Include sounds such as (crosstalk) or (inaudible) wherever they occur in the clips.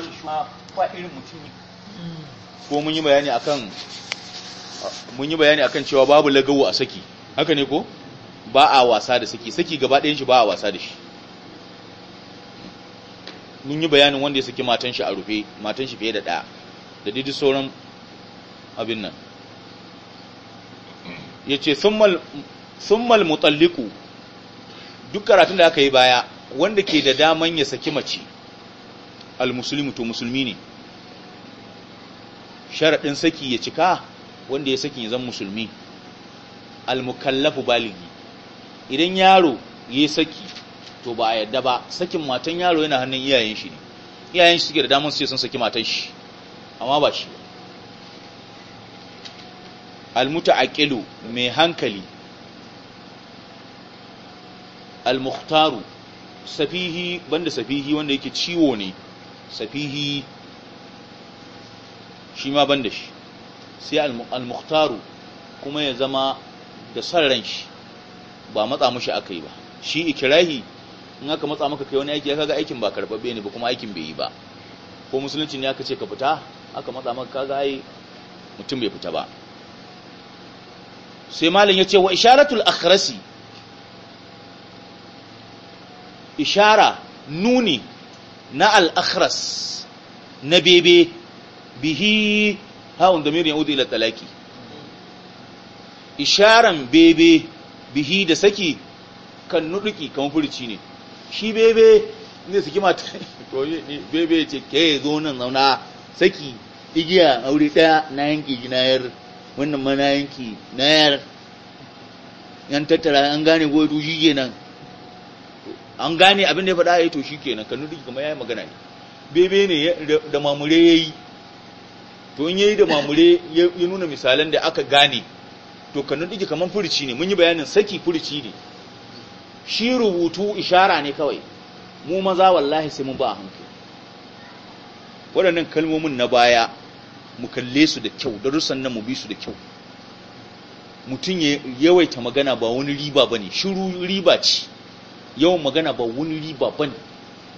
irin mutum ko mun yi bayani akan mun yi bayani akan cewa babu lagawo a saki haka ne ko ba a wasa da saki saki gaba ɗayan shi ba a wasa da shi mun yi bayanin wanda ya saki matan shi a rufe matan shi fiye da ɗaya da didi sauran abin nan ya ce summal mutalliku duk karatun da aka yi baya wanda ke da daman ya saki mace almuslimu to musulmi ne sharaɗin saki ya cika wanda ya saki ya zan musulmi almukallafu baligi idan yaro ya saki to ba a yadda ba sakin matan yaro yana hannun iyayen shi ne iyayen shi suke da damar su sun saki matan shi amma ba shi almuta aƙilu mai hankali almuhtaru safihi banda safihi wanda yake ciwo ne safihi shi ma ban da shi sai al-mukhtaru kuma ya zama da son ran shi ba matsa mushi aka yi ba shi ikirahi in aka matsa maka kai wani aiki ya kaga aikin ba karbabbe ne ba kuma aikin bai yi ba ko musulunci ne aka ce ka fita aka matsa maka kaga ai mutum bai fita ba sai malam ya ce wa isharatul akhrasi ishara nuni na al na bebe bihi hawan miriyan udu ila talaki isharan bebe bihi da saki kan nuduki kan furci ne shi bebe ne saki mata (laughs) bebe ce ke zo nan zauna saki igiya aure daya na yanki jinayar wannan ma na yanki nayar yan tattara an gane goyi duji nan an gane abin da ya faɗa yayi eh, to shikenan kuma kamar yi magana ne bebe ne da mamure ya yi to in ya yi da mamure ya nuna misalan da aka gane to kanuri kamar furici ne mun yi bayanin saki furici ne shi rubutu ishara ne kawai mu maza wallahi sai mun ba a hankali waɗannan kalmomin na baya mu kalle su da kyau darussan nan mu bi su da kyau mutum ya yawaita magana ba wani riba ba ne shiru riba ce yawan magana ba wani riba ban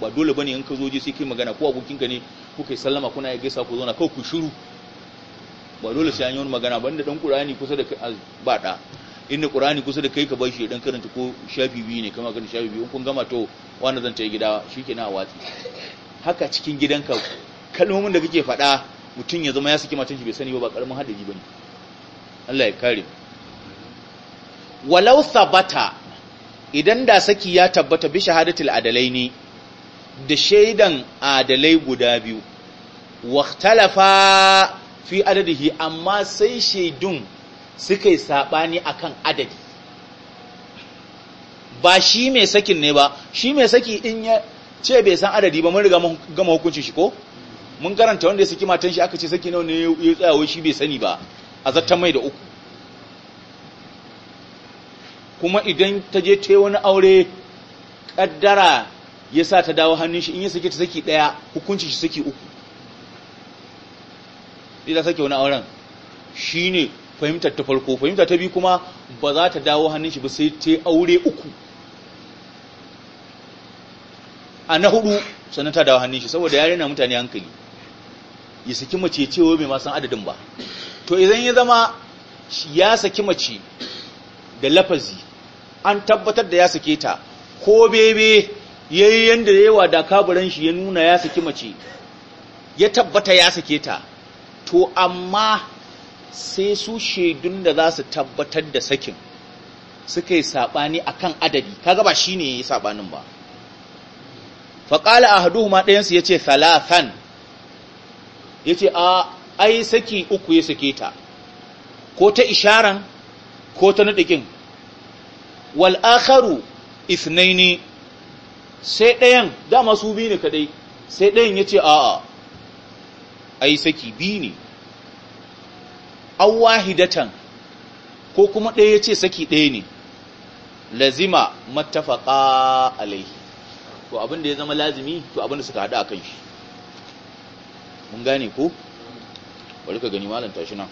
ba dole bane in ka zo je sai kai magana ko abokin ka ne kuka kai sallama kuna ya gaisa ku zauna kawai ku shiru ba dole sai an yi wani magana ba inda dan qur'ani kusa da ba da inda qur'ani kusa da kai ka bashi dan karanta ko shafi biyu ne kama kan shafi biyu kun gama to wani zan tayi gida shikenan a watsi haka cikin gidanka kalmomin da kake faɗa mutum ya zama ya saki matan shi bai sani ba ba karamin hadari bane Allah ya kare walau sabata idan da saki ya tabbata bi shahadatul ne da shaidan adalai guda biyu waktalafa fi adadihi amma sai shaidun suka yi sabani akan adadi ba shi mai sakin ne ba shi mai saki in ya ce bai san adadi ba mun riga mun gama hukuncin shi ko mun karanta wanda ya saki matan shi aka ce saki nawa ne ya tsaya wai shi bai sani ba a mai da uku kuma idan ta je ta wani aure kaddara ya sa ta dawo hannun shi in ya sake ta saki daya hukuncin shi saki uku idan sake wani auren shi ne fahimtar ta farko fahimtar ta biyu kuma ba za ta dawo hannun shi ba sai ta aure uku a na hudu sannan ta dawo hannun shi saboda yare na mutane hankali ya saki mace cewa mai masan adadin ba to idan ya zama ya saki mace da lafazi an tabbatar da ya sake ta ko bebe yayi yanda yawa da kaburan shi ya nuna ya saki mace ya tabbata ya sake ta to amma sai su shaidun da za su tabbatar da sakin suka yi saɓani a kan adadi kaga ba shi ne ya yi saɓanin ba faƙala a haduhu ma ɗayansu ya ce thalathan ya ce a ai saki uku ya sake ta ko ta isharan ko ta naɗikin wal akharu ithnaini sai ɗayan dama su bi ne kadai sai ɗayan yace a'a ai saki bi ne aw wahidatan ko kuma ɗaya yace saki ɗaya ne lazima mattafaqa alaihi to abin ya zama lazimi to abin da suka hada akan shi mun gane ko bari ka gani malam tashi nan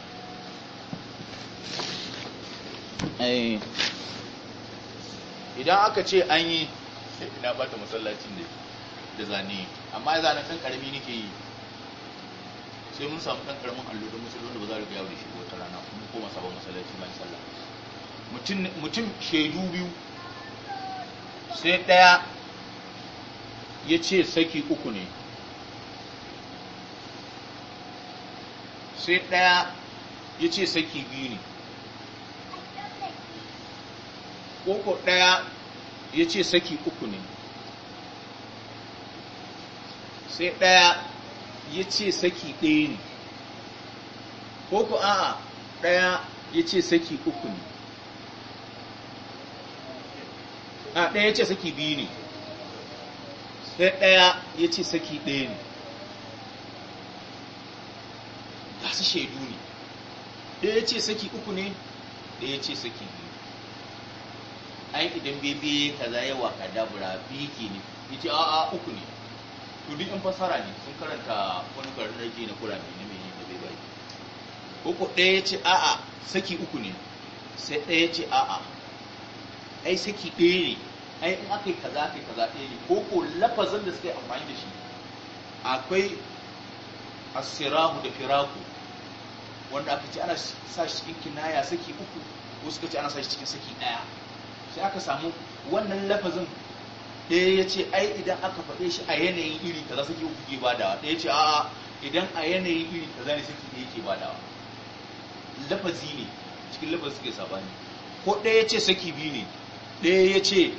idan aka ce an yi ina bata masallacin da da zane amma ya zane kan ƙarami nake yi sai mun samu ɗan ƙaramin allo don musulun da ba za a riga da shi wata rana kuma koma sabon masallaci bayan sallah mutum shaidu biyu sai ɗaya ya ce saki uku ne sai ɗaya ya ce saki biyu ne koko ɗaya ya ce saki uku ne sai ɗaya ya ce saki ɗaya ne koko a'a ɗaya ya ce saki uku ne a ɗaya ya ce saki biyu ne sai ɗaya ya ce saki ɗaya ne ga su shaidu ne ɗaya ya ce saki uku ne ɗaya ya ce saki biyu ai idan bebe kaza wa kadabura biyu ke ne ya ce a uku ne to duk in fasara ne sun karanta wani karnarki na kurame ne mai da bai bai uku ɗaya ce a a saki uku ne sai ɗaya ce a a ai saki ɗaya ne ai in aka yi kaza aka yi kaza ɗaya ne ko ko lafazin da suka yi amfani da shi akwai asirahu da firaku wanda aka ce ana sa shi cikin kinaya saki uku ko suka ce ana sa shi cikin saki ɗaya sai aka samu wannan lafazin ɗaya ya ce ai idan aka faɗe shi a yanayin iri kaza suke uku ke badawa ɗaya ce a idan a yanayin iri kaza ne suke ɗaya ke badawa lafazi ne cikin lafazi suke sabani ko ɗaya ya ce saki biyu ne ɗaya ya ce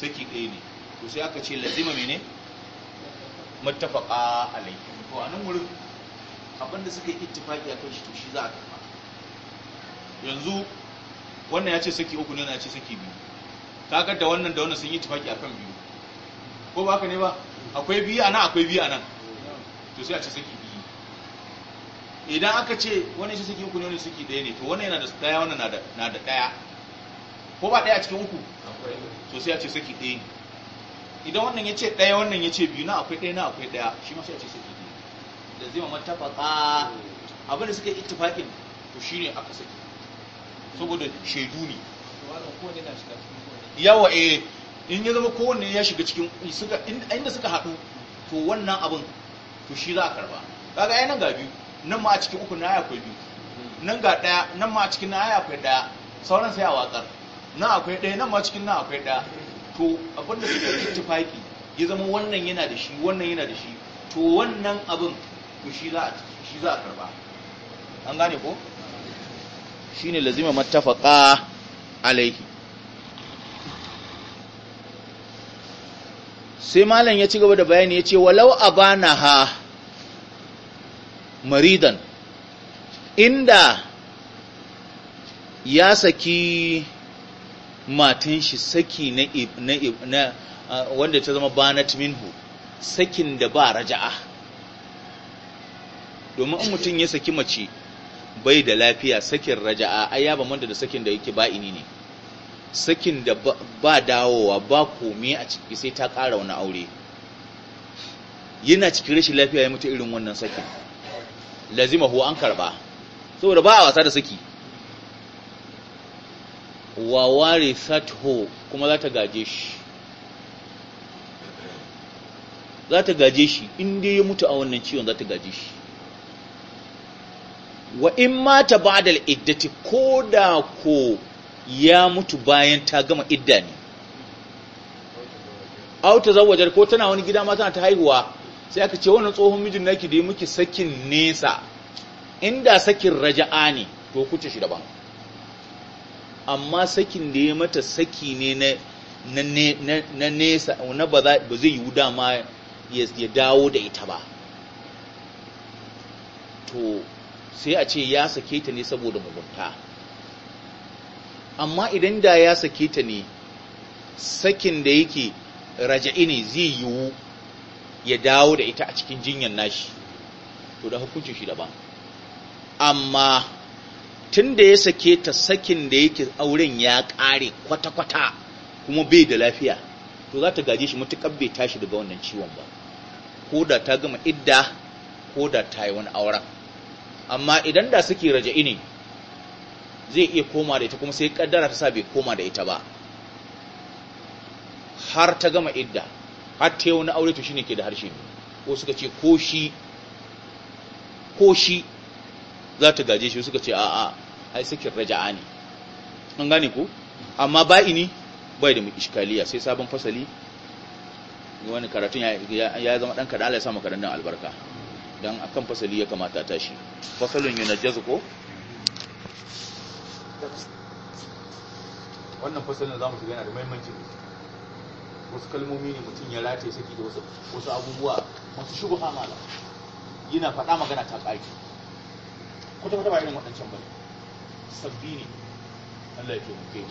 saki ɗaya ne to sai aka ce lazima mene mattafaqa alaikum to a nan wurin abinda suka yi ittifaki akan shi to shi za a kafa yanzu wannan ya ce saki uku ne na ce saki biyu kaga da wannan da wannan sun yi tufaki akan biyu ko ba ka ne ba akwai biyu anan akwai biyu anan to sai a ce saki biyu idan aka ce wani shi saki uku ne wani saki daya ne to wannan yana da daya wannan na da daya ko ba daya cikin uku to sai a ce saki daya ne idan wannan ya ce daya wannan ya ce biyu na akwai daya na akwai daya shi ma sai a ce saki biyu da zai mamman tafaka abinda suka yi ittifakin to shine aka saki saboda shaidu ne yawa eh in ya zama kowanne ya shiga cikin inda suka haɗu to wannan abin to shi za a karba kaga ai nan ga biyu nan ma a cikin uku na ya akwai biyu nan ga ɗaya nan ma a cikin na ya akwai ɗaya sauran sai a watsar nan akwai ɗaya nan ma a cikin na akwai ɗaya to abin da suka yi faki, ya zama wannan yana da shi wannan yana da shi to wannan abin to shi za a karba an gane ko Shi ne lazima mattafaqa alaihi sai malam ya ci gaba da bayani ya ce walau ha maridan inda ya saki matan shi saki na, na, na wanda ta zama banat minhu sakin da ba raja'a domin in mutum ya saki mace bai da lafiya sakin raja. ai ya bamanta da sakin da yake ba'ini ne sakin da ba dawowa ba komai a ciki sai ta ƙara wani aure yana cikin rashin lafiya ya mutu irin wannan sakin lazima huwa an karba saboda ba a wasa da saki wa ware satho kuma za ta gaje shi za ta gaje shi inda ya mutu a wannan ciwon za ta gaje shi wa in mata da iddati ko da ko ya mutu bayan ta gama idda ne aw tazawwajar ko tana wani gida ma ta haihuwa sai aka ce wannan tsohon mijin naki da ya muke sakin nesa inda sakin raja'a ne to kuce shi daban amma sakin da ya mata saki ne na nesa na ba zai yi dama ya dawo da ita ba to sai a ce ya sake ta ne saboda mugunta amma idan da ya sake ta ne sakin da yake raja'i ne zai yiwu ya dawo da ita a cikin jinyar nashi to da hukuncin shi daban amma tun da ya sake ta sakin da yake auren ya ƙare kwata-kwata kuma bai da lafiya to za ta gaje shi matuƙar bai tashi daga wannan ciwon ba ko da ta gama idda ko da ta yi wani auren amma idan da suke raja'i ne zai iya koma da ita kuma sai kaddara ta sa bai koma da ita ba har ta gama idda har ta wani aure to shine ke da harshe ko suka ce ko shi ko shi za ta gaje shi suka ce a'a ai sakin raja'a ne an gane ku amma ba'ini bai da iskaliya sai sabon fasali wani karatun ya zama dan kada Allah ya sa makarantar albarka don akan fasali ya kamata tashi fasalin yana jazuko? wannan fasalin za mu shiga yana da mahimmanci wasu kalmomi ne mutum ya race saki da wasu abubuwa masu shubu hamala yana faɗa magana ta ƙari kwata-kwata ba irin waɗancan ba ne sabbi ne allah ya taimake